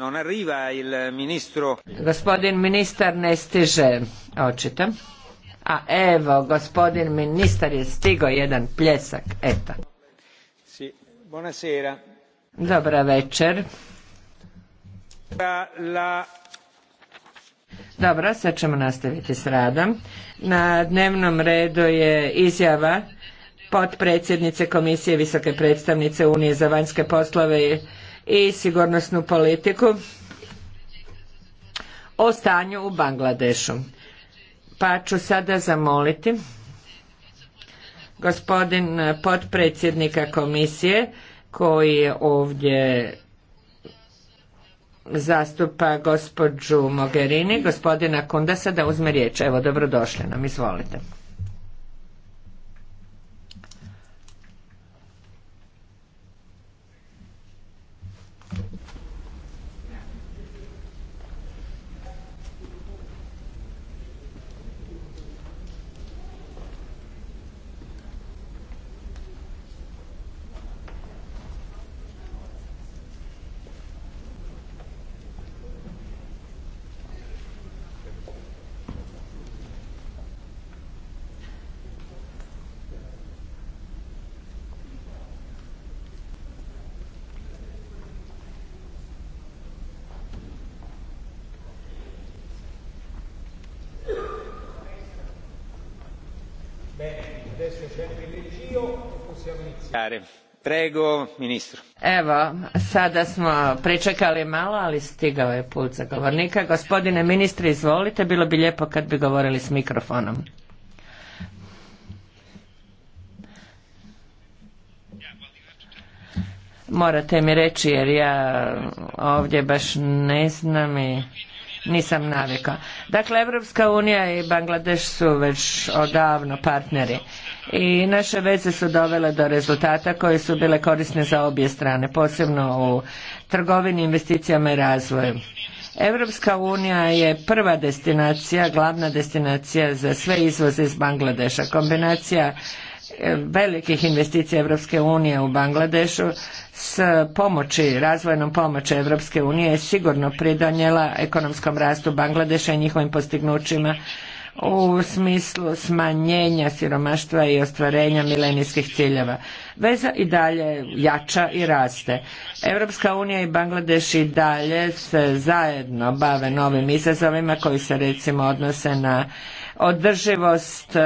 Non Gospodin ministar ne stiže, očito. A evo, gospodin ministar je stigao jedan pljesak, eto. Dobra večer. Dobro, sad ćemo nastaviti s radom. Na dnevnom redu je izjava potpredsjednice Komisije Visoke predstavnice Unije za vanjske poslove i sigurnosnu politiku o stanju u Bangladešu. Pa ću sada zamoliti gospodin potpredsjednika komisije koji je ovdje zastupa gospođu Mogherini, gospodina Kundasa da uzme riječ. Evo, dobrodošli nam, izvolite. Prego, Evo, sada smo pričekali malo, ali stigao je put za govornika. Gospodine ministri, izvolite, bilo bi lijepo kad bi govorili s mikrofonom. Morate mi reći jer ja ovdje baš ne znam i nisam navikao. Dakle, Evropska unija i Bangladeš su već odavno partneri i naše veze su dovele do rezultata koje su bile korisne za obje strane, posebno u trgovini, investicijama i razvoju. Evropska unija je prva destinacija, glavna destinacija za sve izvoze iz Bangladeša. Kombinacija e, velikih investicija Evropske unije u Bangladešu s pomoći, razvojnom pomoći Europske unije je sigurno pridonijela ekonomskom rastu Bangladeša i njihovim postignućima u smislu smanjenja siromaštva i ostvarenja milenijskih ciljeva. Veza i dalje jača i raste. Europska unija i Bangladeš i dalje se zajedno bave novim izazovima koji se recimo odnose na održivost e,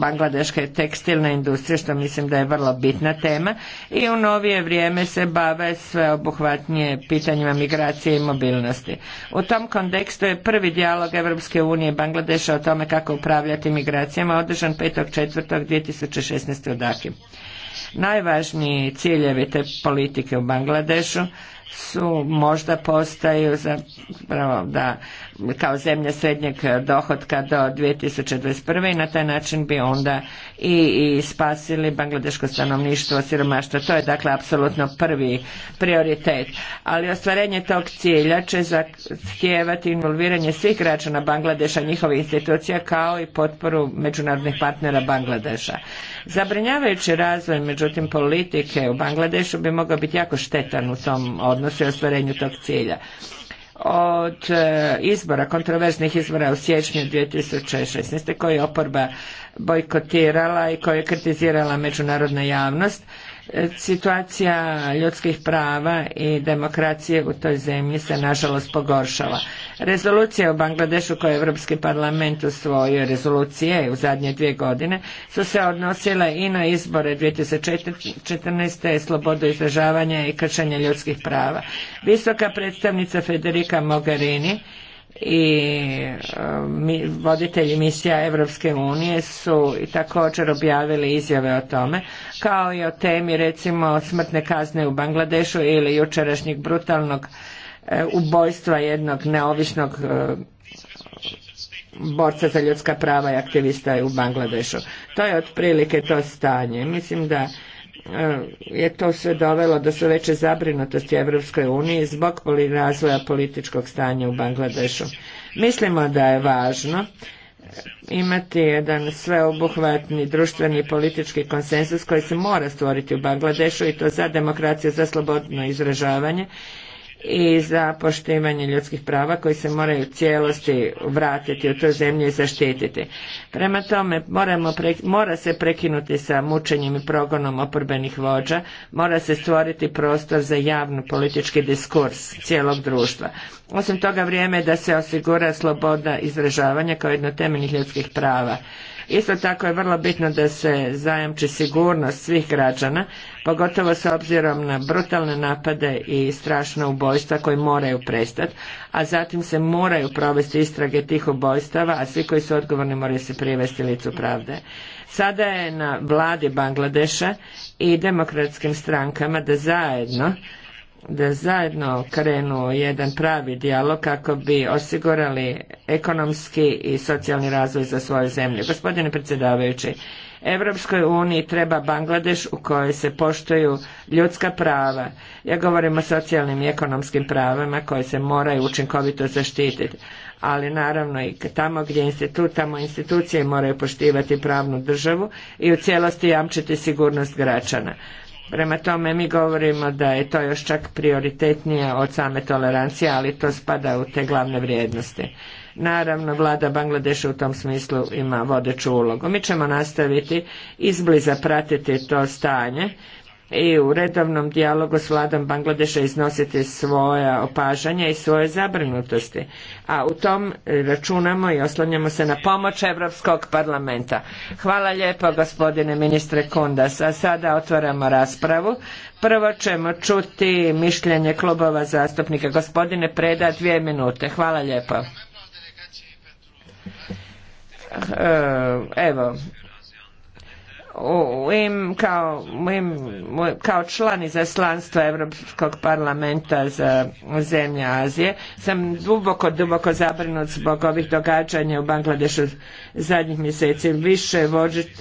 bangladeške tekstilne industrije, što mislim da je vrlo bitna tema i u novije vrijeme se bave sveobuhvatnije pitanjima migracije i mobilnosti. U tom kontekstu je prvi dijalog Europske unije i Bangladeša o tome kako upravljati migracijama održan 5.4.2016. u Daki. Najvažniji ciljevi te politike u Bangladešu su možda postaju da kao zemlje srednjeg dohotka do 2021. i na taj način bi onda i, spasili bangladeško stanovništvo siromaštva. To je dakle apsolutno prvi prioritet. Ali ostvarenje tog cilja će zahtijevati involviranje svih građana Bangladeša, njihovih institucija kao i potporu međunarodnih partnera Bangladeša. Zabrinjavajući razvoj međutim politike u Bangladešu bi mogao biti jako štetan u tom odnosu odnosi u ostvarenju tog cilja. Od e, izbora, kontroverznih izbora u siječnju 2016. koji je oporba bojkotirala i koji je kritizirala međunarodna javnost, situacija ljudskih prava i demokracije u toj zemlji se nažalost pogoršala. Rezolucija u Bangladešu koje je Europski parlament usvojio rezolucije u zadnje dvije godine su se odnosile i na izbore 2014. slobodu izražavanja i kršenja ljudskih prava. Visoka predstavnica Federica Mogherini i um, voditelji misija Europske unije su i također objavili izjave o tome, kao i o temi recimo smrtne kazne u Bangladešu ili jučerašnjeg brutalnog e, ubojstva jednog neovisnog e, borca za ljudska prava i aktivista u Bangladešu. To je otprilike to stanje. Mislim da E, je to sve dovelo do sve veće zabrinutosti Evropskoj uniji zbog razvoja političkog stanja u Bangladešu. Mislimo da je važno e, imati jedan sveobuhvatni društveni i politički konsensus koji se mora stvoriti u Bangladešu i to za demokraciju, za slobodno izražavanje i za poštivanje ljudskih prava koji se moraju u cijelosti vratiti u toj zemlji i zaštititi. Prema tome, moramo mora se prekinuti sa mučenjem i progonom oporbenih vođa, mora se stvoriti prostor za javno politički diskurs cijelog društva. Osim toga vrijeme je da se osigura sloboda izražavanja kao jedno temeljnih ljudskih prava. Isto tako je vrlo bitno da se zajamči sigurnost svih građana, pogotovo s obzirom na brutalne napade i strašna ubojstva koji moraju prestati, a zatim se moraju provesti istrage tih ubojstava, a svi koji su odgovorni moraju se privesti licu pravde. Sada je na vladi Bangladeša i demokratskim strankama da zajedno da zajedno krenu jedan pravi dijalog kako bi osigurali ekonomski i socijalni razvoj za svoju zemlju. Gospodine predsjedavajući, Europskoj uniji treba Bangladeš u kojoj se poštuju ljudska prava. Ja govorim o socijalnim i ekonomskim pravima koje se moraju učinkovito zaštititi. Ali naravno i tamo gdje institut, tamo institucije moraju poštivati pravnu državu i u cijelosti jamčiti sigurnost građana. Prema tome mi govorimo da je to još čak prioritetnije od same tolerancije, ali to spada u te glavne vrijednosti. Naravno, vlada Bangladeša u tom smislu ima vodeću ulogu. Mi ćemo nastaviti izbliza pratiti to stanje i u redovnom dijalogu s vladom Bangladeša iznositi svoja opažanja i svoje zabrinutosti. A u tom računamo i oslanjamo se na pomoć Europskog parlamenta. Hvala lijepo gospodine ministre Kundas. A sada otvaramo raspravu. Prvo ćemo čuti mišljenje klubova zastupnika. Gospodine Preda, dvije minute. Hvala lijepo. Eh, evo im kao, im, kao član izaslanstva Europskog parlamenta za zemlje Azije sam duboko, duboko zabrinut zbog ovih događanja u Bangladešu zadnjih mjeseci. Više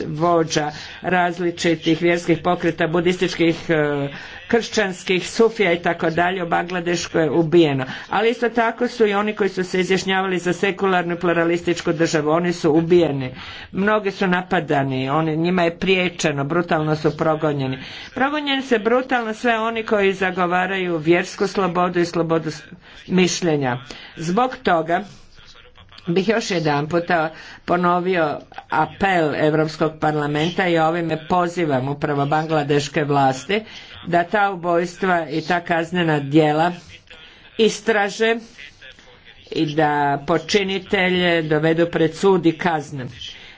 vođa različitih vjerskih pokreta, budističkih eh, kršćanskih sufija i tako dalje u Bangladešku je ubijeno. Ali isto tako su i oni koji su se izjašnjavali za sekularnu pluralističku državu, oni su ubijeni. Mnogi su napadani, njima je priječeno, brutalno su progonjeni. Progonjeni se brutalno sve oni koji zagovaraju vjersku slobodu i slobodu mišljenja. Zbog toga bih još jedan puta ponovio apel Europskog parlamenta i ovime pozivam upravo bangladeške vlasti da ta ubojstva i ta kaznena djela istraže i da počinitelje dovedu pred sud i kazne.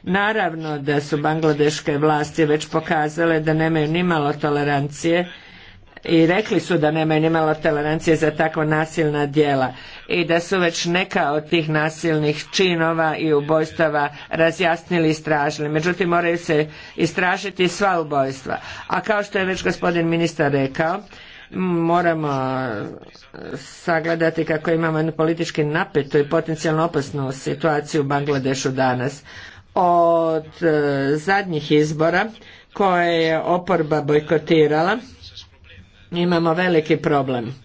Naravno da su bangladeške vlasti već pokazale da nemaju nimalo tolerancije i rekli su da nema ni tolerancije za takva nasilna djela i da su već neka od tih nasilnih činova i ubojstava razjasnili i istražili. Međutim, moraju se istražiti sva ubojstva. A kao što je već gospodin ministar rekao, moramo sagledati kako imamo jednu politički napetu i potencijalno opasnu situaciju u Bangladešu danas. Od e, zadnjih izbora koje je oporba bojkotirala, imamo veliki problem.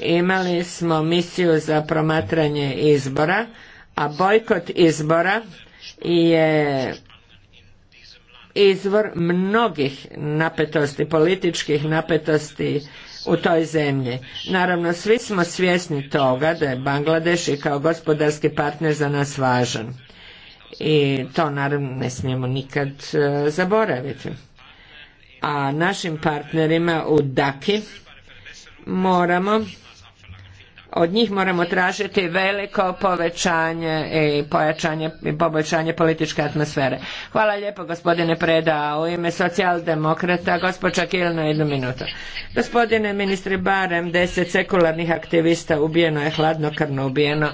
Imali smo misiju za promatranje izbora, a bojkot izbora je izvor mnogih napetosti, političkih napetosti u toj zemlji. Naravno, svi smo svjesni toga da je Bangladeš i kao gospodarski partner za nas važan. I to naravno ne smijemo nikad e, zaboraviti a našim partnerima u Daki moramo od njih moramo tražiti veliko povećanje i pojačanje i poboljšanje političke atmosfere. Hvala lijepo gospodine Preda, u ime socijaldemokrata, gospođa Kilna, jednu minutu. Gospodine ministre, barem deset sekularnih aktivista ubijeno je, hladnokrvno ubijeno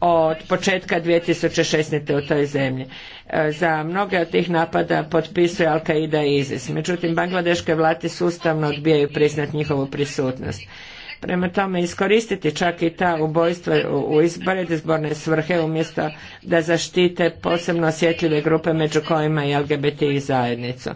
od početka 2016. u toj zemlji. E, za mnoge od tih napada potpisuje Al-Qaida i ISIS. Međutim, bangladeške vlati sustavno odbijaju priznat njihovu prisutnost. Prema tome, iskoristiti čak i ta ubojstva u izborne svrhe umjesto da zaštite posebno osjetljive grupe među kojima i i zajednicu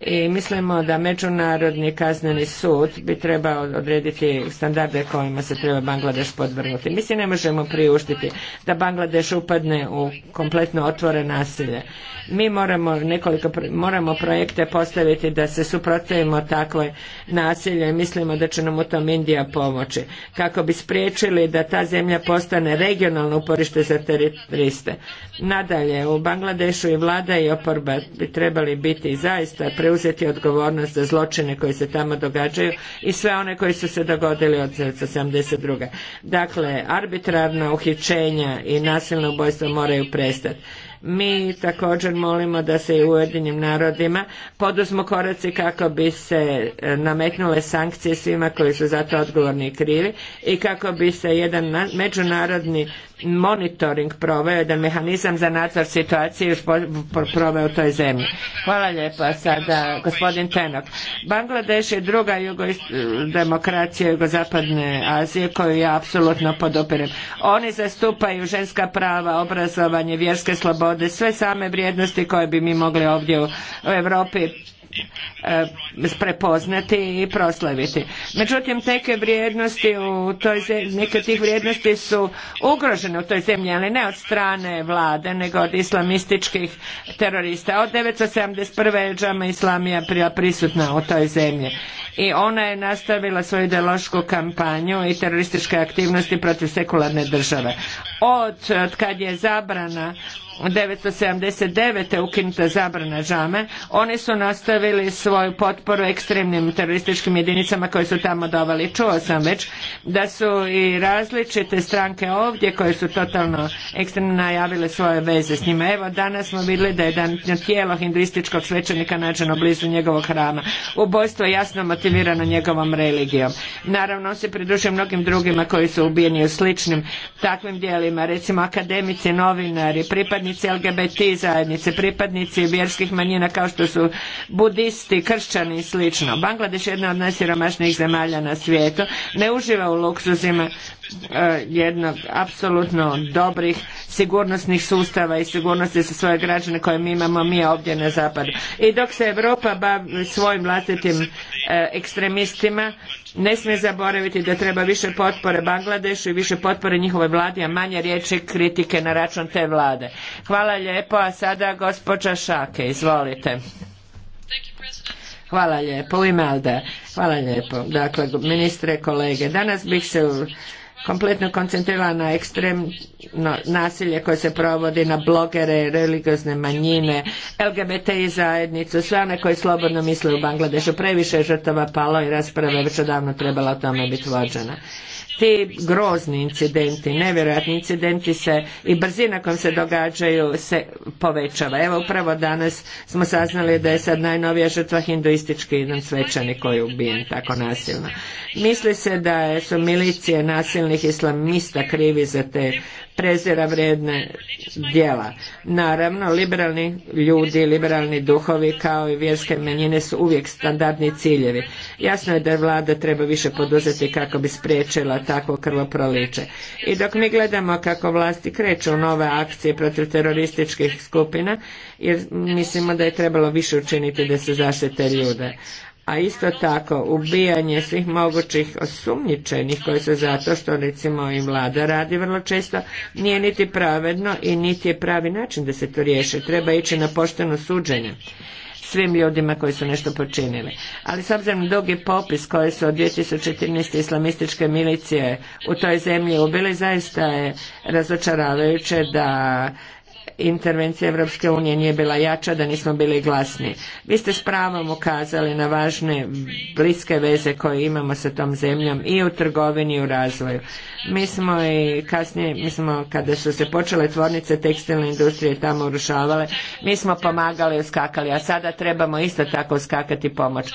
i mislimo da Međunarodni kazneni sud bi trebao odrediti standarde kojima se treba Bangladeš podvrnuti. Mi si ne možemo priuštiti da Bangladeš upadne u kompletno otvore nasilje. Mi moramo nekoliko moramo projekte postaviti da se suprotavimo takvoj nasilju i mislimo da će nam u tom Indija pomoći kako bi spriječili da ta zemlja postane regionalno uporište za teritoriste. Nadalje, u Bangladešu i vlada i oporba bi trebali biti zaista preuzeti odgovornost za zločine koji se tamo događaju i sve one koji su se dogodili od 1972. Dakle, arbitrarna uhićenja i nasilno ubojstvo moraju prestati. Mi također molimo da se i u Ujedinim narodima poduzmu koraci kako bi se e, nametnule sankcije svima koji su za to odgovorni i krivi i kako bi se jedan međunarodni monitoring proveo, jedan mehanizam za nadzor situacije proveo u toj zemlji. Hvala lijepa sada gospodin Tenok. Bangladeš je druga jugo demokracija jugozapadne Azije koju ja apsolutno podopirem. Oni zastupaju ženska prava, obrazovanje, vjerske slobode, sve same vrijednosti koje bi mi mogli ovdje u Europi E, prepoznati i proslaviti. Međutim, neke vrijednosti u toj zemlji, neke tih vrijednosti su ugrožene u toj zemlji, ali ne od strane vlade, nego od islamističkih terorista. Od 1971. je džama islamija prisutna u toj zemlji i ona je nastavila svoju ideološku kampanju i terorističke aktivnosti protiv sekularne države. Od, kad je zabrana 1979. ukinuta zabrana džame, oni su nastavili svoju potporu ekstremnim terorističkim jedinicama koje su tamo dovali. Čuo sam već da su i različite stranke ovdje koje su totalno ekstremno najavile svoje veze s njima. Evo danas smo vidjeli da je tijelo hinduističkog svećenika nađeno blizu njegovog hrama. Ubojstvo jasno motivirano motivirano njegovom religijom. Naravno, on se pridružuje mnogim drugima koji su ubijeni u sličnim takvim dijelima, recimo akademici, novinari, pripadnici LGBT zajednice, pripadnici vjerskih manjina kao što su budisti, kršćani i slično. Bangladeš je jedna od najsiromašnijih zemalja na svijetu, ne uživa u luksuzima e, jednog apsolutno dobrih sigurnosnih sustava i sigurnosti za svoje građane koje mi imamo mi ovdje na zapadu. I dok se Europa bavi svojim vlastitim e, ekstremistima ne smije zaboraviti da treba više potpore Bangladešu i više potpore njihove vladi, a manje riječi kritike na račun te vlade. Hvala lijepo, a sada gospođa Šake, izvolite. Hvala lijepo, u ime Hvala lijepo, dakle, ministre, kolege. Danas bih se kompletno koncentrirala na ekstremno nasilje koje se provodi na blogere, religiozne manjine, i zajednicu, sve one koji slobodno misle u Bangladešu. Previše je žrtava palo i rasprava je već odavno trebala o tome biti vođena ti grozni incidenti, nevjerojatni incidenti se i brzina kojom se događaju se povećava. Evo upravo danas smo saznali da je sad najnovija žrtva hinduistički jedan svećani koji je ubijen tako nasilno. Misli se da su milicije nasilnih islamista krivi za te prezira vredne djela. Naravno, liberalni ljudi, liberalni duhovi kao i vjerske manjine su uvijek standardni ciljevi. Jasno je da vlada treba više poduzeti kako bi spriječila takvo krvoproliče. I dok mi gledamo kako vlasti kreću nove akcije protiv terorističkih skupina, jer mislimo da je trebalo više učiniti da se zaštite ljude a isto tako ubijanje svih mogućih osumnjičenih koji su zato što recimo i vlada radi vrlo često nije niti pravedno i niti je pravi način da se to riješi. Treba ići na pošteno suđenje svim ljudima koji su nešto počinili. Ali s obzirom na dugi popis koji su od 2014. islamističke milicije u toj zemlji ubili, zaista je razočaravajuće da intervencija Europske unije nije bila jača, da nismo bili glasni. Vi ste s pravom ukazali na važne bliske veze koje imamo sa tom zemljom i u trgovini i u razvoju. Mi smo i kasnije, mi smo kada su se počele tvornice tekstilne industrije tamo urušavale, mi smo pomagali i uskakali, a sada trebamo isto tako uskakati pomoć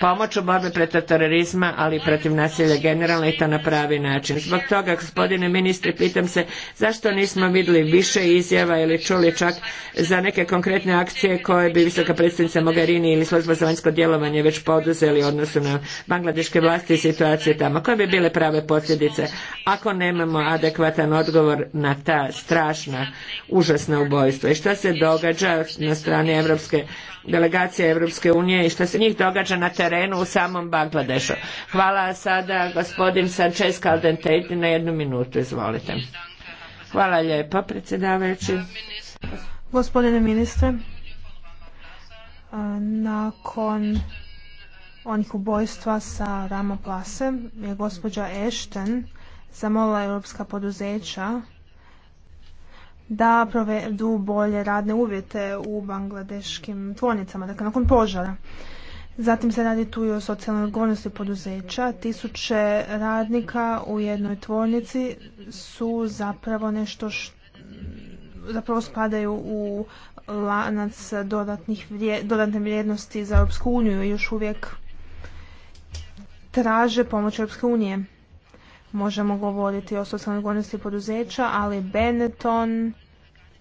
pomoć u borbi protiv terorizma, ali i protiv nasilja generalno i to na pravi način. Zbog toga, gospodine ministre, pitam se zašto nismo vidjeli više izjava ili čuli čak za neke konkretne akcije koje bi visoka predstavnica Mogherini ili služba za vanjsko djelovanje već poduzeli u odnosu na bangladeške vlasti i situacije tamo. Koje bi bile prave posljedice ako nemamo adekvatan odgovor na ta strašna, užasna ubojstva? I što se događa na strani Evropske delegacije Evropske unije i što se njih događa na terenu? terenu u samom Bangladešu. Hvala sada gospodin Sanchez Caldentejti na jednu minutu, izvolite. Hvala lijepa predsjedavajući. Gospodine ministre, nakon onih ubojstva sa Rama je gospođa Ashton zamolila europska poduzeća da provedu bolje radne uvjete u bangladeškim tvornicama, dakle nakon požara. Zatim se radi tu i o socijalnoj odgovornosti poduzeća. Tisuće radnika u jednoj tvornici su zapravo nešto što zapravo spadaju u lanac dodatnih vrije, dodatne vrijednosti za Europsku uniju i još uvijek traže pomoć Europske unije. Možemo govoriti o socijalnoj odgovornosti poduzeća, ali Benetton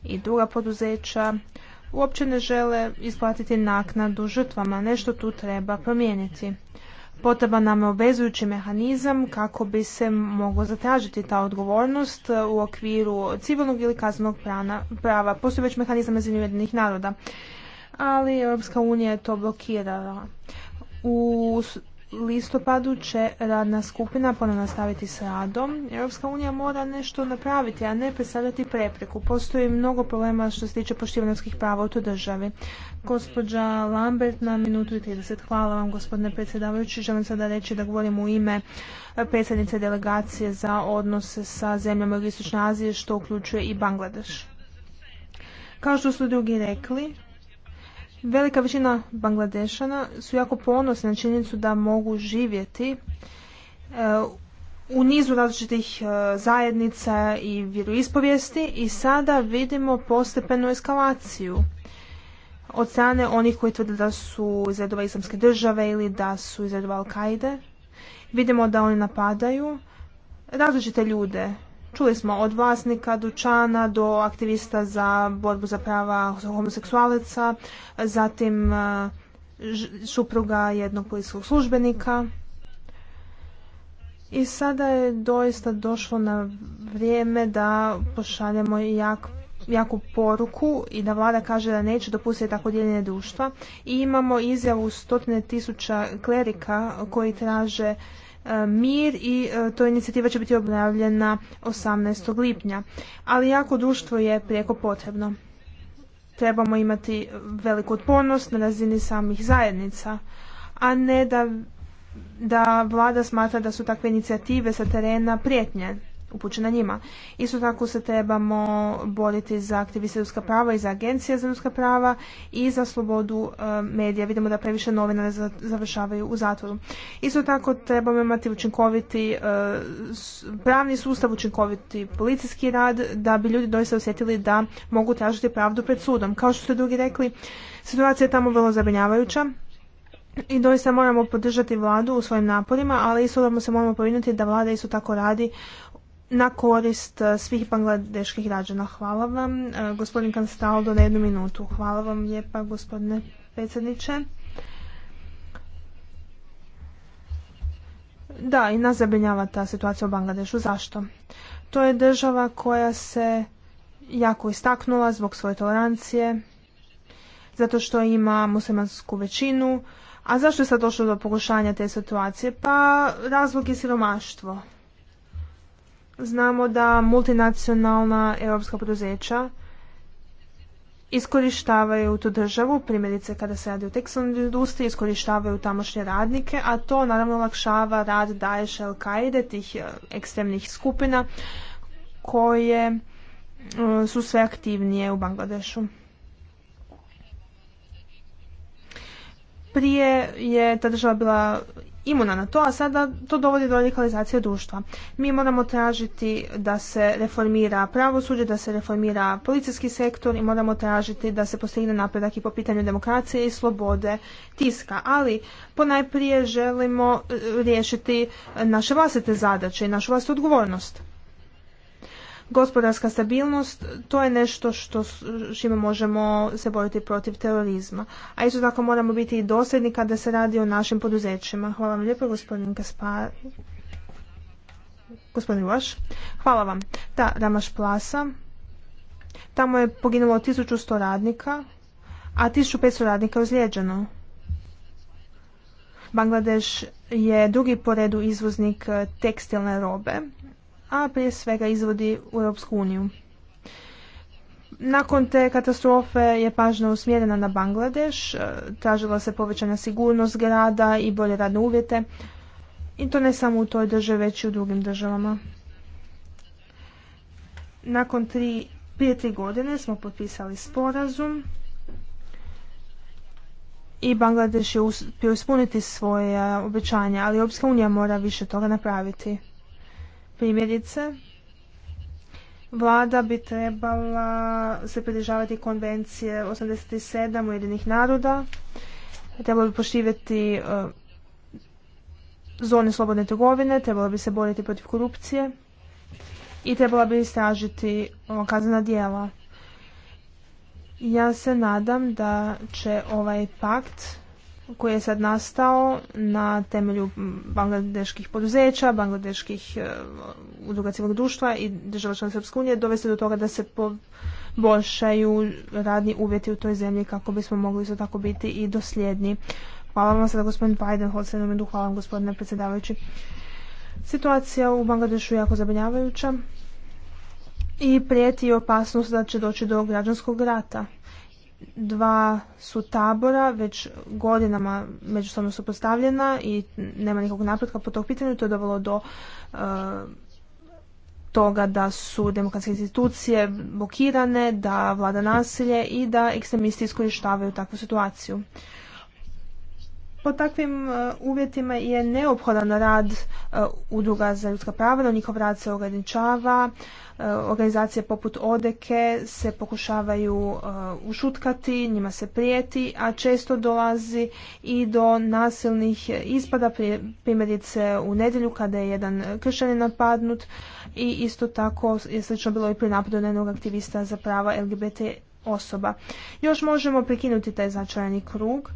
i druga poduzeća uopće ne žele isplatiti naknadu žrtvama. Nešto tu treba promijeniti. Potreba nam je obvezujući mehanizam kako bi se moglo zatražiti ta odgovornost e, u okviru civilnog ili kaznenog prava. Postoji već mehanizam razine naroda, ali Europska unija je to blokirala. U listopadu će radna skupina ponovno nastaviti s radom. Europska unija mora nešto napraviti, a ne predstavljati prepreku. Postoji mnogo problema što se tiče poštivanja prava u toj državi. Gospođa Lambert na minutu i 30. Hvala vam gospodine predsjedavajući. Želim sada reći da govorim u ime predsjednice delegacije za odnose sa zemljama Jugoistočne Azije što uključuje i Bangladeš. Kao što su drugi rekli, Velika većina Bangladešana su jako ponosni na činjenicu da mogu živjeti e, u nizu različitih e, zajednica i vjeroispovijesti i sada vidimo postepenu eskalaciju od strane onih koji tvrde da su iz islamske države ili da su iz redova Al-Kaide. Vidimo da oni napadaju različite ljude Čuli smo od vlasnika dućana do aktivista za borbu za prava homoseksualaca, zatim e, supruga jednog policijskog službenika. I sada je doista došlo na vrijeme da pošaljemo jak, jaku poruku i da vlada kaže da neće dopustiti tako dijeljenje društva. I imamo izjavu stotine tisuća klerika koji traže E, mir i e, to inicijativa će biti obnavljena 18. lipnja. Ali jako društvo je prijeko potrebno. Trebamo imati veliku otpornost na razini samih zajednica, a ne da, da vlada smatra da su takve inicijative sa terena prijetnje upućena njima. Isto tako se trebamo boriti za aktiviste ljudska prava i za agencije za ljudska prava i za slobodu e, medija. Vidimo da previše ne završavaju u zatvoru. Isto tako trebamo imati učinkoviti e, pravni sustav, učinkoviti policijski rad da bi ljudi doista osjetili da mogu tražiti pravdu pred sudom. Kao što ste drugi rekli, situacija je tamo vrlo zabrinjavajuća. I doista moramo podržati vladu u svojim naporima, ali isto da se moramo povinuti da vlada isto tako radi na korist e, svih bangladeških građana. Hvala vam. E, gospodin Kanstaldo na jednu minutu. Hvala vam lijepa gospodine predsjedniče. Da, i nas zabrinjava ta situacija u Bangladešu. Zašto? To je država koja se jako istaknula zbog svoje tolerancije, zato što ima muslimansku većinu. A zašto je sad došlo do pogošanja te situacije? Pa razlog je siromaštvo znamo da multinacionalna europska poduzeća iskorištavaju tu državu, primjerice kada se radi o tekstilnoj industriji, iskorištavaju tamošnje radnike, a to naravno olakšava rad Daesh al qaeda tih e, ekstremnih skupina koje e, su sve aktivnije u Bangladešu. Prije je ta država bila imuna na to, a sada to dovodi do radikalizacije društva. Mi moramo tražiti da se reformira pravosuđe, da se reformira policijski sektor i moramo tražiti da se postigne napredak i po pitanju demokracije i slobode tiska. Ali ponajprije želimo e, riješiti naše vlastite zadaće i našu vlastitu odgovornost. Gospodarska stabilnost, to je nešto što čime možemo se boriti protiv terorizma. A isto tako moramo biti i dosljedni kada se radi o našim poduzećima. Hvala vam lijepo gospodin Kaspar. Gospodin Vaš. Hvala vam. Da, Ramaš Plasa. Tamo je poginulo 1100 radnika, a 1500 radnika je ozlijeđeno. Bangladeš je drugi po redu izvoznik eh, tekstilne robe a prije svega izvodi u Europsku uniju. Nakon te katastrofe je pažnja usmjerena na Bangladeš, e, tražila se povećana sigurnost grada i bolje radne uvjete, i to ne samo u toj državi, već i u drugim državama. Nakon tri, prije tri godine smo potpisali sporazum i Bangladeš je uspio ispuniti svoje obećanja, ali Europska unija mora više toga napraviti. Primjerice, vlada bi trebala se pridržavati konvencije 87 Ujedinih naroda, trebalo bi poštivati eh, zone slobodne trgovine, trebalo bi se boriti protiv korupcije i trebala bi istražiti uh, kaznena djela. Ja se nadam da će ovaj pakt koji je sad nastao na temelju bangladeških poduzeća, bangladeških e, udruga civilnog društva i država članica Srpske unije dovesti do toga da se poboljšaju radni uvjeti u toj zemlji kako bismo mogli isto tako biti i dosljedni. Hvala vam sada gospodin Biden, hvala vam gospodine predsjedavajući. Situacija u Bangladešu je jako zabrinjavajuća i prijeti opasnost da će doći do građanskog rata dva su tabora već godinama međusobno postavljena i nema nikakvog napretka po tog pitanju. To je dovelo do e, toga da su demokratske institucije blokirane, da vlada nasilje i da ekstremisti iskorištavaju takvu situaciju. Po takvim e, uvjetima je neophodan rad e, udruga za ljudska prava, njihov rad se ograničava, e, organizacije poput Odeke se pokušavaju ušutkati, njima se prijeti, a često dolazi i do nasilnih ispada, primjerice u nedjelju kada je jedan kršćanin napadnut i isto tako je slično bilo i pri napadu jednog aktivista za prava LGBT osoba. Još možemo prekinuti taj značajni krug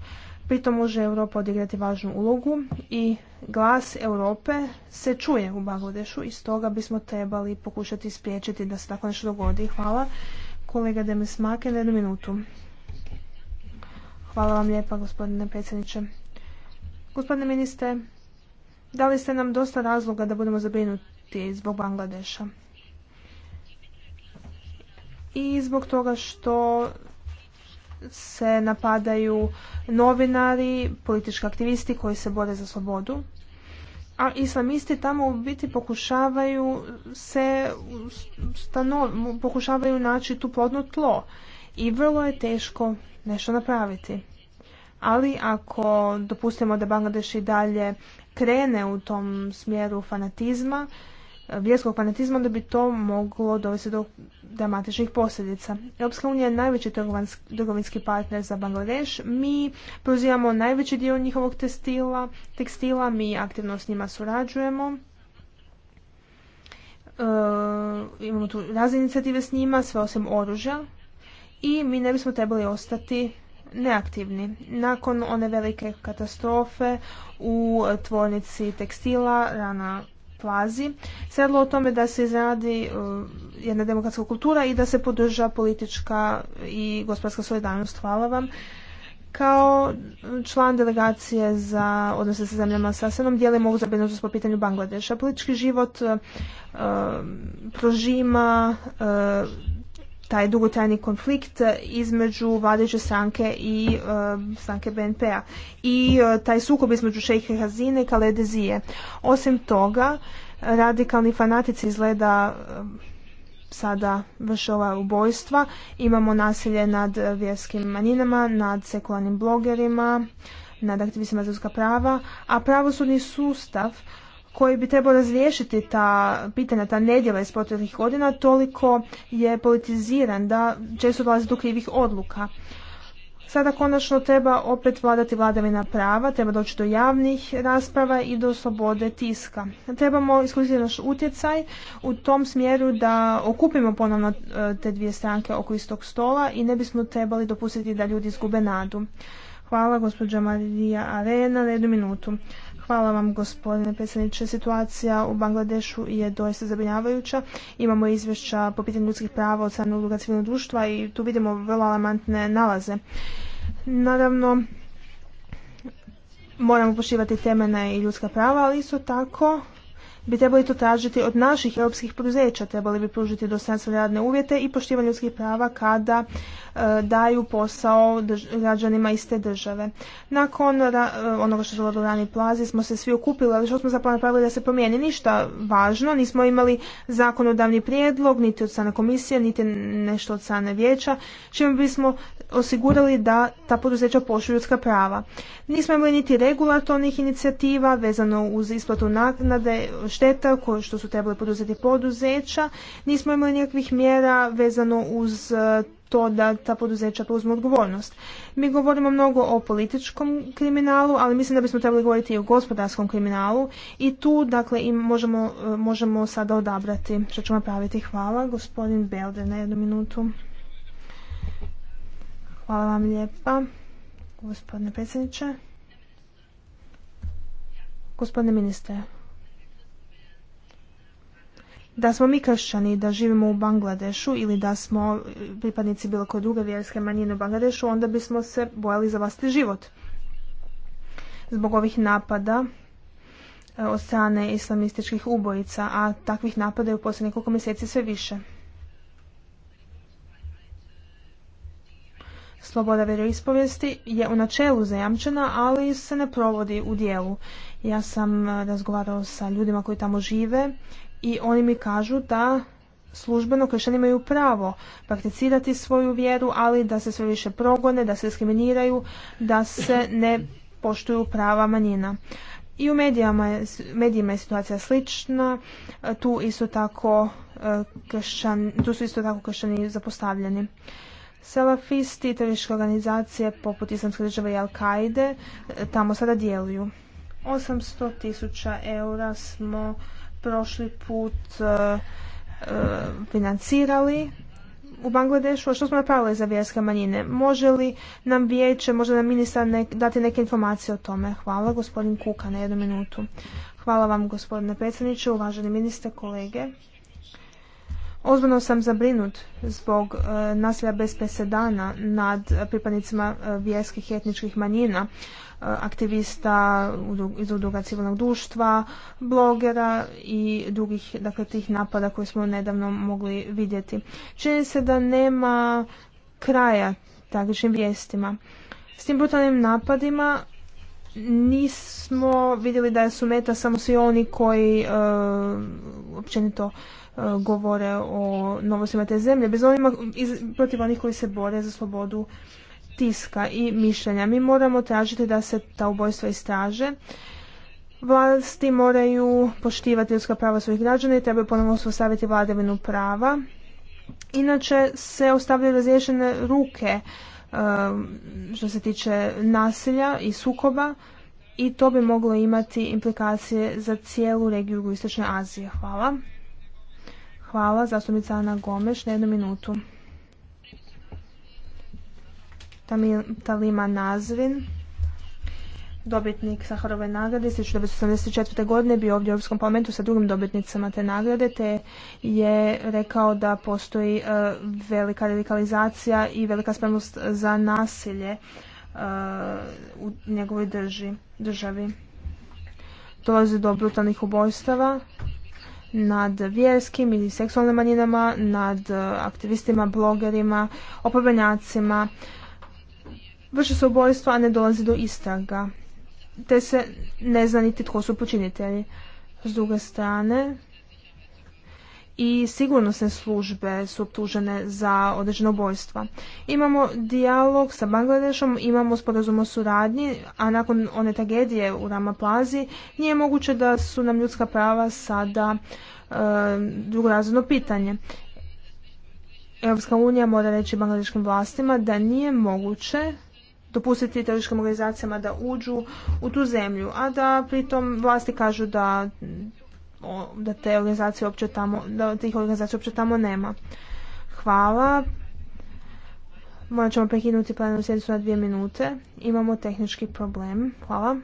Pritom može Europa odigrati važnu ulogu i glas Europe se čuje u Bangladešu i stoga bismo trebali pokušati spriječiti da se tako nešto dogodi. Hvala. Kolega Demis Maken, jednu minutu. Hvala vam lijepa, gospodine predsjedniče. Gospodine ministre, dali ste nam dosta razloga da budemo zabrinuti zbog Bangladeša. I zbog toga što se napadaju novinari, politički aktivisti koji se bore za slobodu. A islamisti tamo u biti pokušavaju se pokušavaju naći tu plodno tlo i vrlo je teško nešto napraviti. Ali ako dopustimo da Bangladeš i dalje krene u tom smjeru fanatizma, vjerskog fanatizma, da bi to moglo dovesti do dramatičnih posljedica. Europska unija je najveći trgovinski partner za Bangladeš. Mi preuzimamo najveći dio njihovog tekstila, tekstila mi aktivno s njima surađujemo. E, imamo tu razne inicijative s njima, sve osim oružja. I mi ne bismo trebali ostati neaktivni. Nakon one velike katastrofe u tvornici tekstila, rana plazi. Sredlo o tome da se izradi e, jedna demokratska kultura i da se podrža politička i gospodarska solidarnost. Hvala vam. Kao član delegacije za odnose sa zemljama sa Asenom dijelim ovu zabrinutost po pitanju Bangladeša. Politički život e, e, prožima taj dugotrajni konflikt e, između vladeće stranke i e, stranke BNP-a i e, taj sukob između šejhe Hazine i Kaledezije. Osim toga, radikalni fanatici izgleda sada vrše ova ubojstva. Imamo nasilje nad vjerskim manjinama, nad sekularnim blogerima, nad aktivistima za ljudska prava, a pravosudni sustav koji bi trebao razriješiti ta pitanja, ta nedjela iz proteklih godina, toliko je politiziran da često dolazi do krivih odluka. Sada konačno treba opet vladati vladavina prava, treba doći do javnih rasprava i do slobode tiska. Trebamo iskoristiti naš utjecaj u tom smjeru da okupimo ponovno e, te dvije stranke oko istog stola i ne bismo trebali dopustiti da ljudi izgube nadu. Hvala gospođa Marija Arena na jednu minutu. Hvala vam gospodine predsjedniče. Situacija u Bangladešu je doista zabrinjavajuća. Imamo izvješća po pitanju ljudskih prava od strane udruga civilnog društva i tu vidimo vrlo alarmantne nalaze. Naravno, moramo poštivati temene i ljudska prava, ali isto tako bi trebali to tražiti od naših europskih poduzeća. Trebali bi pružiti dostojanstvene radne uvjete i poštivanje ljudskih prava kada E, daju posao građanima iz te države. Nakon e, onoga što se u Rani Plazi smo se svi okupili, ali što smo zapravo napravili da se promijeni? Ništa važno, nismo imali zakonodavni prijedlog, niti od strane komisije, niti nešto od strane vijeća, čime bismo osigurali da ta poduzeća poštuju ljudska prava. Nismo imali niti regulatornih inicijativa vezano uz isplatu naknade šteta koje što su trebali poduzeti poduzeća. Nismo imali nikakvih mjera vezano uz e, to da ta poduzeća preuzmu odgovornost. Mi govorimo mnogo o političkom kriminalu, ali mislim da bismo trebali govoriti i o gospodarskom kriminalu i tu dakle im možemo, eh, možemo sada odabrati što ćemo praviti. Hvala gospodin Belder na jednu minutu. Hvala vam lijepa gospodine predsjedniče. Gospodine ministre, da smo mi kršćani, da živimo u Bangladešu ili da smo pripadnici bilo koje druge vjerske manjine u Bangladešu, onda bismo se bojali za vlastiti život. Zbog ovih napada e, od strane islamističkih ubojica, a takvih napada je u posljednjih nekoliko mjeseci sve više. Sloboda vjeroispovijesti je u načelu zajamčena, ali se ne provodi u dijelu. Ja sam e, razgovarao sa ljudima koji tamo žive i oni mi kažu da službeno kršćani imaju pravo prakticirati svoju vjeru, ali da se sve više progone, da se diskriminiraju, da se ne poštuju prava manjina. I u medijima je situacija slična, e, tu isto tako e, kršćan, tu su isto tako kršćani zapostavljeni. Salafisti i terorističke organizacije poput Islamske države i Al-Kaide e, tamo sada djeluju. 800 tisuća eura smo prošli put e, e, financirali u Bangladešu, a što smo napravili za vjerske manjine? Može li nam vijeće, može nam ministar dati neke informacije o tome? Hvala, gospodin Kuka, na jednu minutu. Hvala vam, gospodine predsjedniče, uvaženi ministre, kolege. Ozbiljno sam zabrinut zbog e, nasilja bez presedana nad pripadnicima e, vjerskih i etničkih manjina, e, aktivista iz udruga civilnog društva, blogera i drugih dakle, tih napada koje smo nedavno mogli vidjeti. Čini se da nema kraja takvim vijestima. S tim brutalnim napadima nismo vidjeli da su meta samo svi oni koji e, općenito E, govore o novostima te zemlje, bez onima protiv onih koji se bore za slobodu tiska i mišljenja. Mi moramo tražiti da se ta ubojstva istraže. Vlasti moraju poštivati ljudska prava svojih građana i trebaju ponovno uspostaviti vladavinu prava. Inače se ostavljaju razriješene ruke e, što se tiče nasilja i sukoba i to bi moglo imati implikacije za cijelu regiju Jugoistočne Azije. Hvala. Hvala, zastupnica Ana Gomeš, na jednu minutu. Talima Nazvin, dobitnik Saharove nagrade iz 1984. godine bio ovdje u Europskom parlamentu sa drugim dobitnicama te nagrade te je rekao da postoji e, velika radikalizacija i velika spremnost za nasilje e, u njegovoj državi. Dolazi do brutalnih ubojstava nad vjerskim ili seksualnim manjinama, nad e, aktivistima, blogerima, opobenjacima. Vrše se ubojstvo a ne dolazi do istraga. Te se ne zna niti tko su počinitelji. S druge strane, i sigurnosne službe su optužene za određeno ubojstva. Imamo dijalog sa Bangladešom, imamo sporazum o suradnji, a nakon one tragedije u Rama Plazi nije moguće da su nam ljudska prava sada e, pitanje. Europska unija mora reći bangladeškim vlastima da nije moguće dopustiti terorističkim organizacijama da uđu u tu zemlju, a da pritom vlasti kažu da da te organizacije uopće tamo, da tih organizacija uopće tamo nema. Hvala. Morat ćemo prekinuti plenarnu sjednicu na dvije minute. Imamo tehnički problem. Hvala.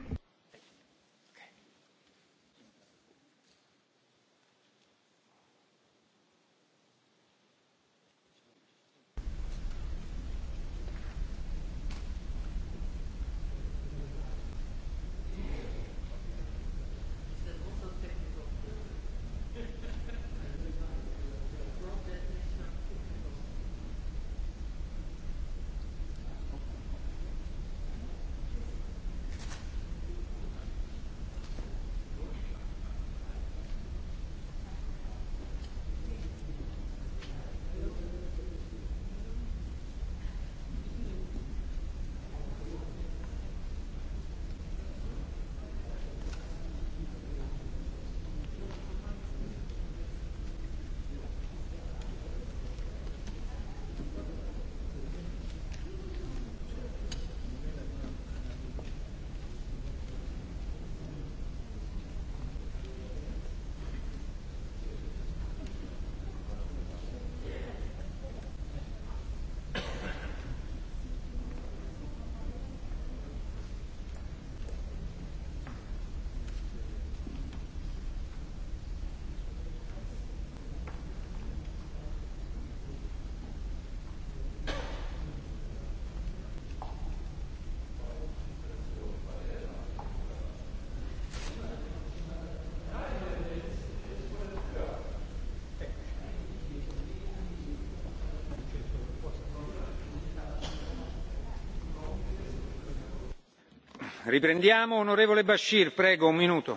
Riprendiamo, onorevole Bashir, prego, un minuto.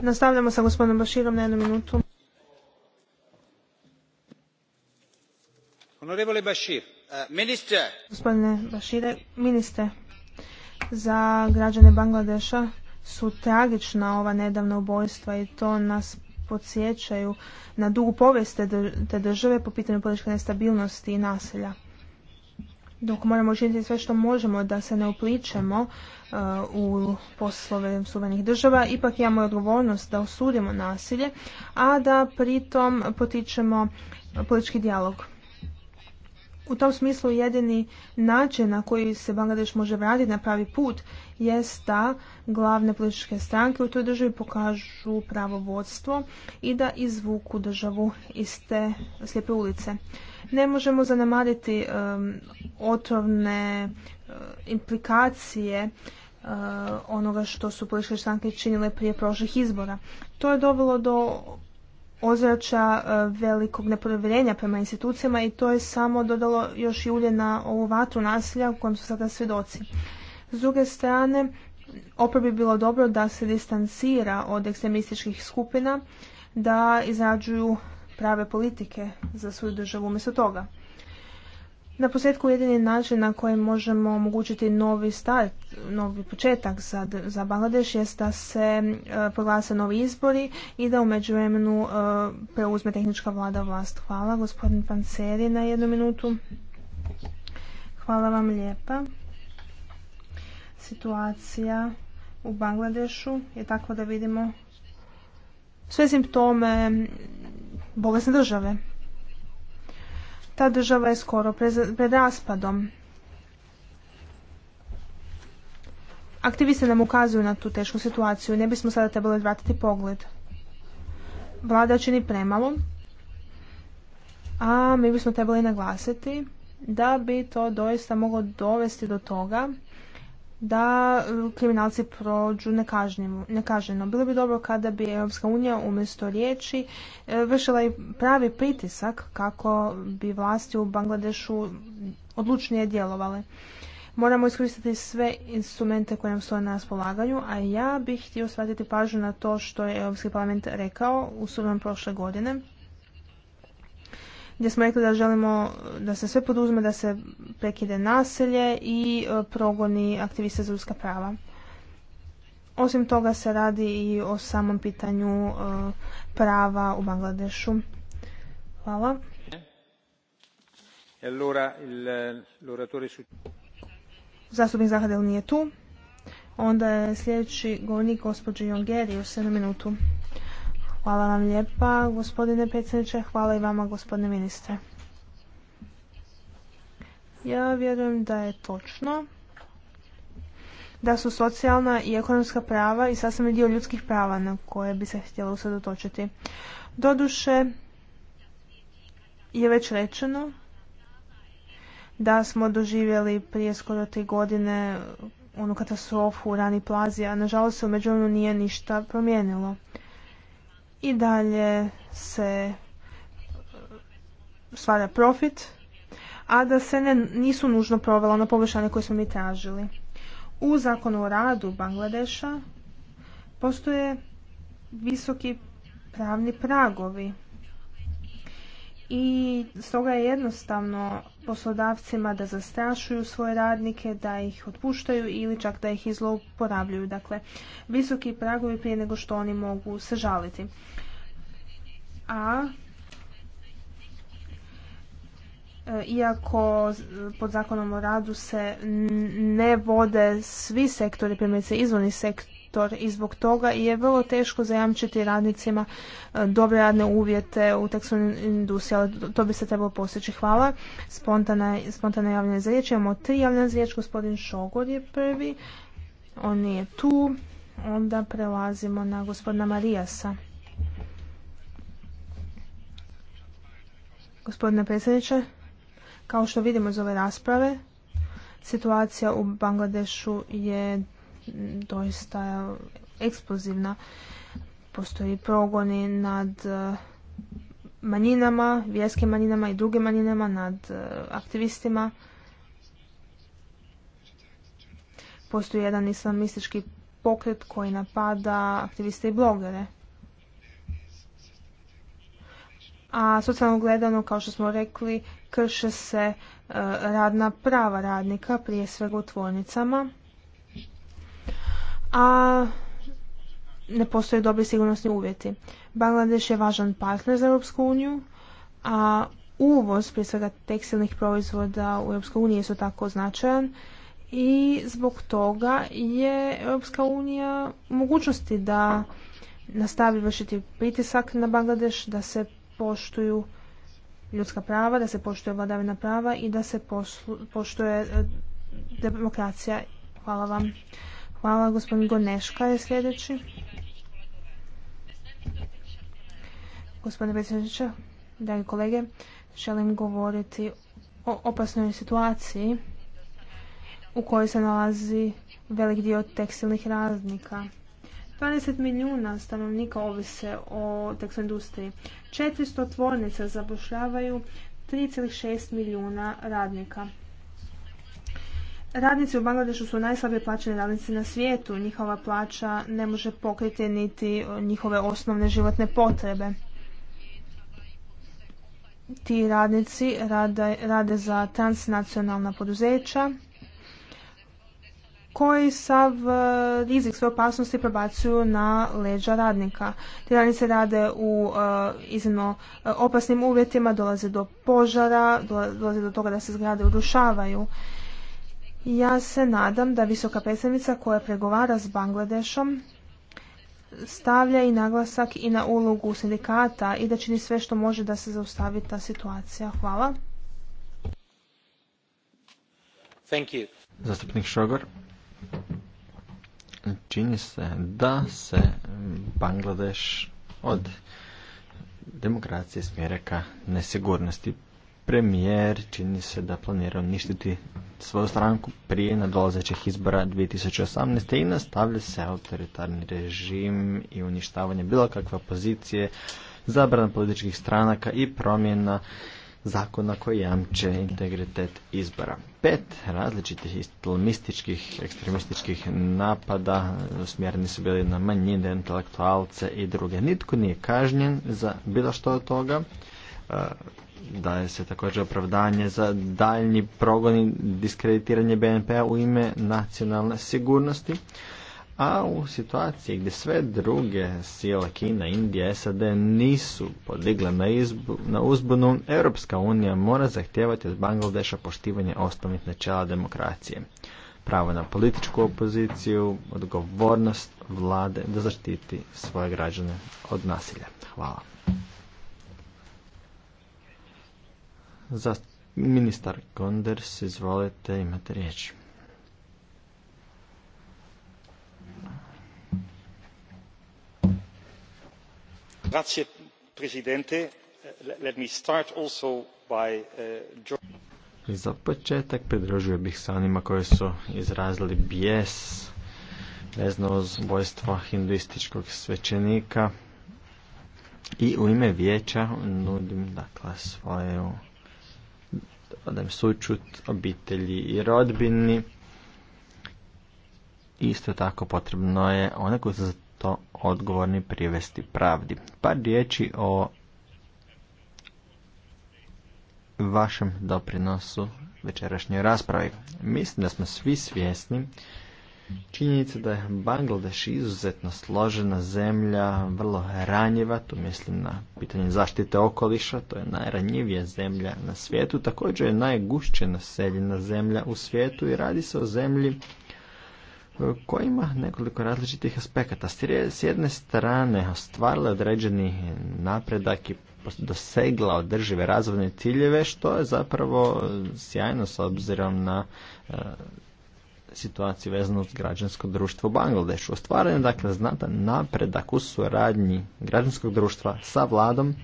Nastavljamo sa gospodinom Bashirom na jednu minutu. Onorevole Bashir, eh, minister. Gospodine Bashire, ministre, za građane Bangladeša su tragična ova nedavna ubojstva i to nas podsjećaju na dugu povijest te države po pitanju političke nestabilnosti i naselja dok moramo učiniti sve što možemo da se ne upličemo uh, u poslove suverenih država, ipak imamo odgovornost da osudimo nasilje, a da pritom potičemo politički dijalog. U tom smislu jedini način na koji se Bangladeš može vratiti na pravi put jest da glavne političke stranke u toj državi pokažu pravo vodstvo i da izvuku državu iz te slijepe ulice. Ne možemo zanemariti um, otrovne eh, implikacije eh, onoga što su političke stranke činile prije prošlih izbora. To je dovelo do ozrača e, velikog nepovjerenja prema institucijama i to je samo dodalo još i ulje na ovu vatru nasilja u kojem su sada svjedoci. S druge strane, opet bi bilo dobro da se distancira od ekstremističkih skupina, da izrađuju prave politike za svoju državu umjesto toga. Na posljedku jedini način na koji možemo omogućiti novi start, novi početak za, za Bangladeš jest da se e, proglase novi izbori i da u međuvremenu e, preuzme tehnička vlada vlast. Hvala gospodin Panceri na jednu minutu. Hvala vam lijepa. Situacija u Bangladešu je tako da vidimo sve simptome bolesne države. Ta država je skoro pred raspadom. Aktivisti nam ukazuju na tu tešku situaciju. Ne bismo sada trebali vratiti pogled. Vlada čini premalo, a mi bismo trebali naglasiti da bi to doista moglo dovesti do toga da e, kriminalci prođu nekažnjeno. Bilo bi dobro kada bi Europska unija umjesto riječi e, vršila i pravi pritisak kako bi vlasti u Bangladešu odlučnije djelovale. Moramo iskoristiti sve instrumente koje nam stoje na raspolaganju, a ja bih htio shvatiti pažnju na to što je Europski parlament rekao u sudom prošle godine gdje smo rekli da želimo da se sve poduzme, da se prekide naselje i e, progoni aktivista za ljudska prava. Osim toga se radi i o samom pitanju e, prava u Bangladešu. Hvala. E Zastupnik Zahadel nije tu. Onda je sljedeći govornik gospođe Jongeri u 7 minutu. Hvala vam lijepa, gospodine predsjedniče. Hvala i vama, gospodine ministre. Ja vjerujem da je točno da su socijalna i ekonomska prava i sasvim dio ljudskih prava na koje bi se htjelo usredotočiti. Doduše je već rečeno da smo doživjeli prije skoro tri godine onu katastrofu u Rani Plazi, a nažalost se u međuvremenu nije ništa promijenilo i dalje se stvara profit, a da se ne, nisu nužno provela na poboljšanje koje smo mi tražili. U zakonu o radu Bangladeša postoje visoki pravni pragovi i stoga je jednostavno poslodavcima da zastrašuju svoje radnike, da ih otpuštaju ili čak da ih izlouporabljuju. Dakle, visoki pragovi prije nego što oni mogu se žaliti a e, iako pod zakonom o radu se ne vode svi sektori, primjerice izvorni sektor i zbog toga je vrlo teško zajamčiti radnicima e, dobre radne uvjete u tekstilnoj industriji, ali to bi se trebalo postići. Hvala. Spontana, spontana javljanja za riječ. Imamo tri javljanja za riječ. Gospodin Šogor je prvi. On nije tu. Onda prelazimo na gospodina Marijasa. Gospodine predsjedniče, kao što vidimo iz ove rasprave, situacija u Bangladešu je doista eksplozivna. Postoji progoni nad eh, manjinama, vjerskim manjinama i drugim manjinama, nad eh, aktivistima. Postoji jedan islamistički pokret koji napada aktiviste i blogere. a socijalno gledano, kao što smo rekli, krše se e, radna prava radnika, prije svega u tvornicama, a ne postoje dobri sigurnosni uvjeti. Bangladeš je važan partner za Europsku uniju, a uvoz prije svega tekstilnih proizvoda u Europskoj uniji je tako značajan i zbog toga je Europska unija u mogućnosti da nastavi vršiti pritisak na Bangladeš da se poštuju ljudska prava, da se poštuje vladavina prava i da se poštuje e, demokracija. Hvala vam. Hvala, gospodin Goneška je sljedeći. Gospodine predsjedniče, dragi kolege, želim govoriti o opasnoj situaciji u kojoj se nalazi velik dio tekstilnih radnika. 20 milijuna stanovnika ovise o tekstu industriji. 400 tvornica zapošljavaju 3,6 milijuna radnika. Radnici u Bangladešu su najslabije plaćeni radnici na svijetu. Njihova plaća ne može pokriti niti njihove osnovne životne potrebe. Ti radnici rade za transnacionalna poduzeća koji sav e, rizik sve opasnosti prebacuju na leđa radnika. Ti radnice rade u e, iznimno e, opasnim uvjetima, dolaze do požara, dolaze do toga da se zgrade urušavaju. Ja se nadam da visoka predstavnica koja pregovara s Bangladešom stavlja i naglasak i na ulogu sindikata i da čini sve što može da se zaustavi ta situacija. Hvala. Zastupnik čini se da se Bangladeš od demokracije smjere ka nesigurnosti. Premijer čini se da planira uništiti svoju stranku prije nadolazećih izbora 2018. i nastavlja se autoritarni režim i uništavanje bilo kakve opozicije, zabrana političkih stranaka i promjena zakona koji jamče integritet izbora. Pet različitih islamističkih, ekstremističkih napada usmjereni su bili na manjine, intelektualce i druge. Nitko nije kažnjen za bilo što od toga. E, daje se također opravdanje za daljnji progon i diskreditiranje BNP-a u ime nacionalne sigurnosti. A u situaciji gdje sve druge sile Kina, Indija, SAD nisu podigle na, izbu, na uzbunu, Europska unija mora zahtijevati od Bangladeša poštivanje osnovnih načela demokracije. Pravo na političku opoziciju, odgovornost vlade da zaštiti svoje građane od nasilja. Hvala. Za ministar Gonders, izvolite, imate riječ. mr let me start also by... Uh, za početak pridružio bih se onima koji su izrazili bijes vezano uz ubojstvo hinduističkog svećenika i u ime vijeća nudim dakle svoju odajem sučut obitelji i rodbini isto tako potrebno je one koji su odgovorni privesti pravdi. Par riječi o vašem doprinosu večerašnjoj raspravi. Mislim da smo svi svjesni činjenica da je Bangladeš izuzetno složena zemlja, vrlo ranjiva, tu mislim na pitanje zaštite okoliša, to je najranjivija zemlja na svijetu, također je najgušće naseljena zemlja u svijetu i radi se o zemlji koji ima nekoliko različitih aspekata. S jedne strane ostvarila određeni napredak i dosegla održive razvojne ciljeve, što je zapravo sjajno s obzirom na e, situaciju vezanu uz građansko društvo u Bangladešu. Ostvaren je dakle znatan napredak u suradnji građanskog društva sa vladom,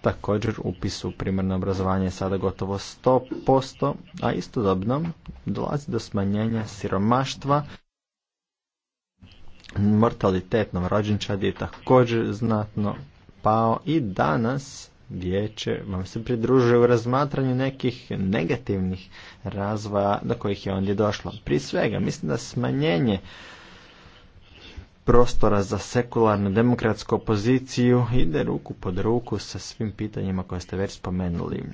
također upis u primarno obrazovanje je sada gotovo 100%, a istodobno dolazi do smanjenja siromaštva mortalitet rođenčadi je također znatno pao i danas vijeće vam se pridružuje u razmatranju nekih negativnih razvoja do kojih je ondje došlo. Prije svega, mislim da smanjenje prostora za sekularnu demokratsku opoziciju ide ruku pod ruku sa svim pitanjima koje ste već spomenuli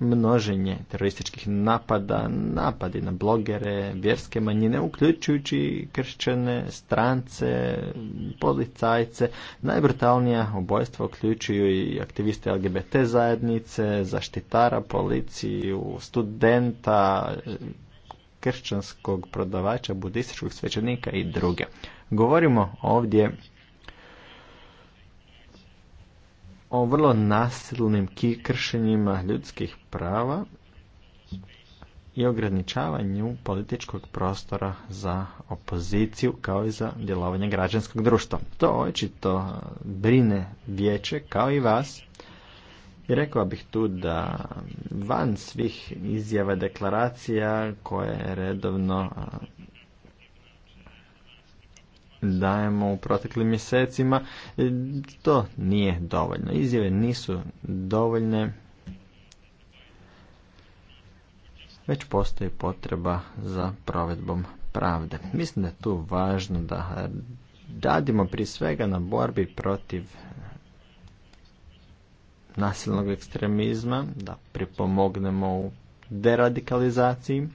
množenje terorističkih napada, napadi na blogere, vjerske manjine, uključujući kršćane, strance, policajce, najbrutalnija ubojstva uključuju i aktiviste LGBT zajednice, zaštitara, policiju, studenta, kršćanskog prodavača, budističkog svećenika i druge. Govorimo ovdje o vrlo nasilnim kršenjima ljudskih prava i ograničavanju političkog prostora za opoziciju kao i za djelovanje građanskog društva. To očito brine vijeće kao i vas. I rekao bih tu da van svih izjava deklaracija koje redovno dajemo u proteklim mjesecima, e, to nije dovoljno. Izjave nisu dovoljne, već postoji potreba za provedbom pravde. Mislim da je tu važno da radimo prije svega na borbi protiv nasilnog ekstremizma, da pripomognemo u deradikalizaciji,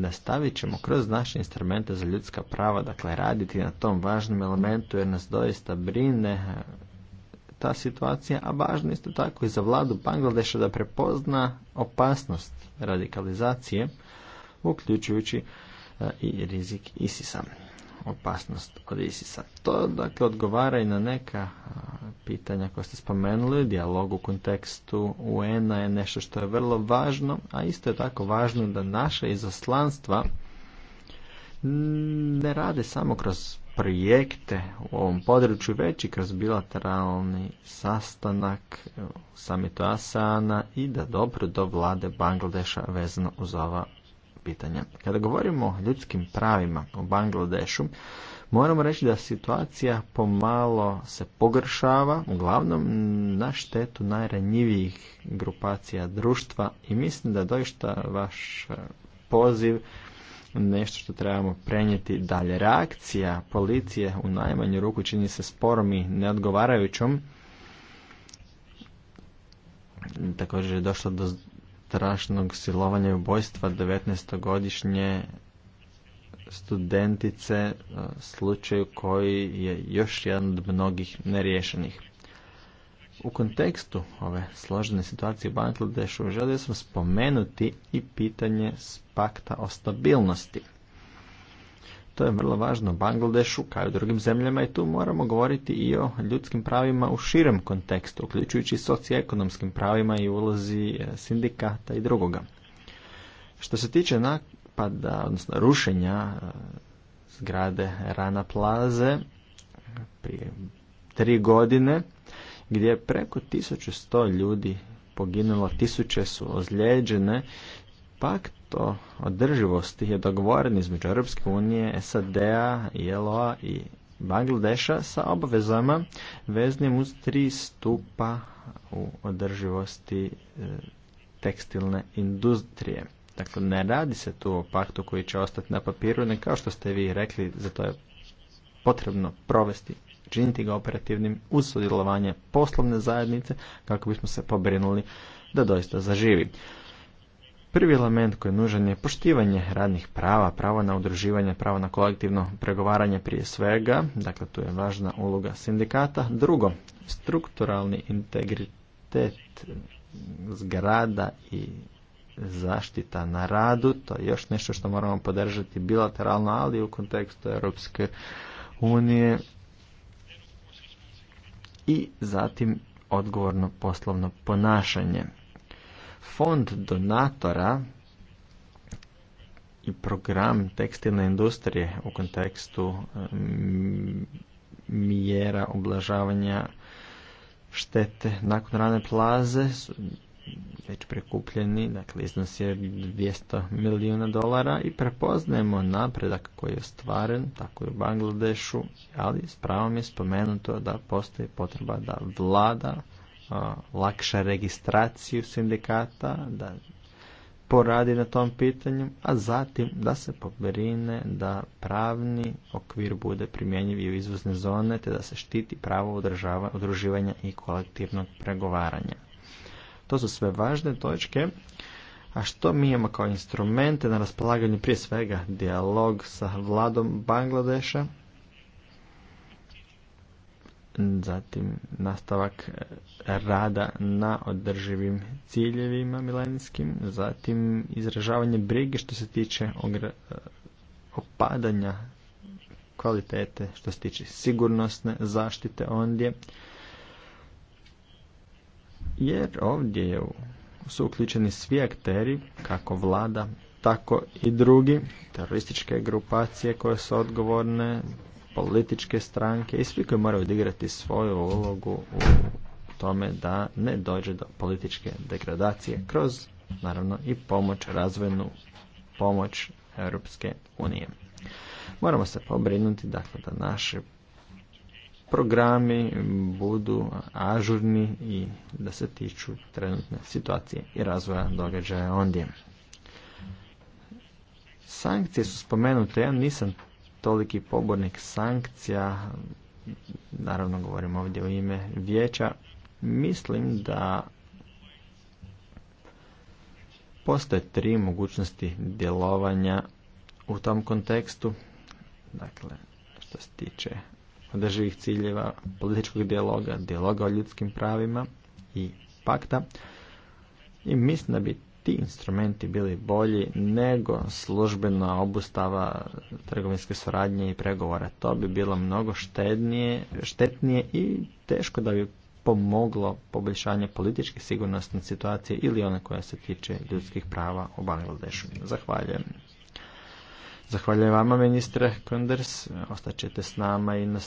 nastavit ćemo kroz naše instrumente za ljudska prava, dakle raditi na tom važnom elementu jer nas doista brine eh, ta situacija, a važno isto tako i za vladu Bangladeša da prepozna opasnost radikalizacije, uključujući eh, i rizik ISIS-a opasnost od To dakle odgovara i na neka pitanja koja ste spomenuli, dijalog u kontekstu UN-a je nešto što je vrlo važno, a isto je tako važno da naše izaslanstva ne rade samo kroz projekte u ovom području, već i kroz bilateralni sastanak samitu Asana i da dobro do vlade Bangladeša vezano uz ova pitanja. Kada govorimo o ljudskim pravima u Bangladešu, moramo reći da situacija pomalo se pogršava, uglavnom na štetu najranjivijih grupacija društva i mislim da doista vaš e, poziv nešto što trebamo prenijeti dalje. Reakcija policije u najmanju ruku čini se sporom i neodgovarajućom. Također je došlo do strašnog silovanja i ubojstva 19-godišnje studentice, e, slučaju koji je još jedan od mnogih neriješenih. U kontekstu ove složene situacije u Bangladešu želio sam spomenuti i pitanje pakta o stabilnosti – to je vrlo važno Bangladešu kao i drugim zemljama i tu moramo govoriti i o ljudskim pravima u širem kontekstu, uključujući socioekonomskim pravima i ulozi e, sindikata i drugoga. Što se tiče napada, odnosno rušenja e, zgrade Rana Plaze prije tri godine, gdje je preko 1100 ljudi poginulo, tisuće su ozlijeđene, pak to održivosti je dogovoren između Europske unije, SAD-a, ILO-a i Bangladeša sa obvezama veznim uz tri stupa u održivosti e, tekstilne industrije. Dakle, ne radi se tu o paktu koji će ostati na papiru, ne kao što ste vi rekli, zato je potrebno provesti, činiti ga operativnim uz sudjelovanje poslovne zajednice kako bismo se pobrinuli da doista zaživi. Prvi element koji je nužan je poštivanje radnih prava, pravo na udruživanje, pravo na kolektivno pregovaranje prije svega, dakle tu je važna uloga sindikata. Drugo, strukturalni integritet zgrada i zaštita na radu, to je još nešto što moramo podržati bilateralno, ali u kontekstu Europske unije i zatim odgovorno poslovno ponašanje fond donatora i program tekstilne industrije u kontekstu mm, mjera oblažavanja štete nakon rane plaze su već prekupljeni, dakle iznos je 200 milijuna dolara i prepoznajemo napredak koji je ostvaren, tako i u Bangladešu, ali s pravom je spomenuto da postoji potreba da vlada lakša registraciju sindikata, da poradi na tom pitanju, a zatim da se pobrine da pravni okvir bude primjenjiv i u izvozne zone, te da se štiti pravo udruživanja i kolektivnog pregovaranja. To su sve važne točke, a što mi imamo kao instrumente na raspolaganju prije svega dijalog sa vladom Bangladeša, zatim nastavak e, rada na održivim ciljevima milenijskim, zatim izražavanje brige što se tiče e, opadanja kvalitete, što se tiče sigurnosne zaštite ondje, jer ovdje su uključeni svi akteri, kako vlada, tako i drugi, terorističke grupacije koje su odgovorne, političke stranke i svi koji moraju odigrati svoju ulogu u tome da ne dođe do političke degradacije kroz naravno i pomoć, razvojnu pomoć Europske unije. Moramo se pobrinuti dakle da naši programi budu ažurni i da se tiču trenutne situacije i razvoja događaja ondje. Sankcije su spomenute, ja nisam toliki pobornik sankcija, naravno govorim ovdje u ime vijeća, mislim da postoje tri mogućnosti djelovanja u tom kontekstu. Dakle, što se tiče održivih ciljeva, političkog dijaloga, dijaloga o ljudskim pravima i pakta. I mislim da bi ti instrumenti bili bolji nego službena obustava trgovinske suradnje i pregovora. To bi bilo mnogo štednije, štetnije i teško da bi pomoglo poboljšanje političke sigurnosne situacije ili one koja se tiče ljudskih prava u Bangladešu. Zahvaljujem. Zahvaljujem vama ministre Konders, ostaćete s nama i na